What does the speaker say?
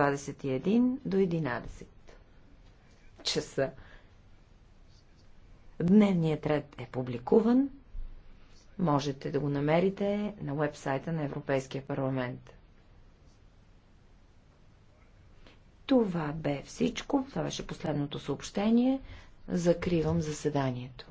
21 до 11 часа. Дневният ред е публикуван. Можете да го намерите на вебсайта на Европейския парламент. Това бе всичко. Това беше последното съобщение. Закривам заседанието.